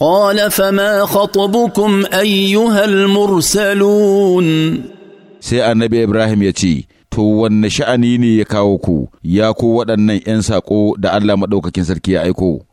قال فما خطبكم أيها المرسلون sai annabi Ibrahim ya ce, To, wanne sha'ani ne ya kawo ku, ya ku waɗannan ’yan saƙo da Allah Maɗaukakin Sarki ya aiko?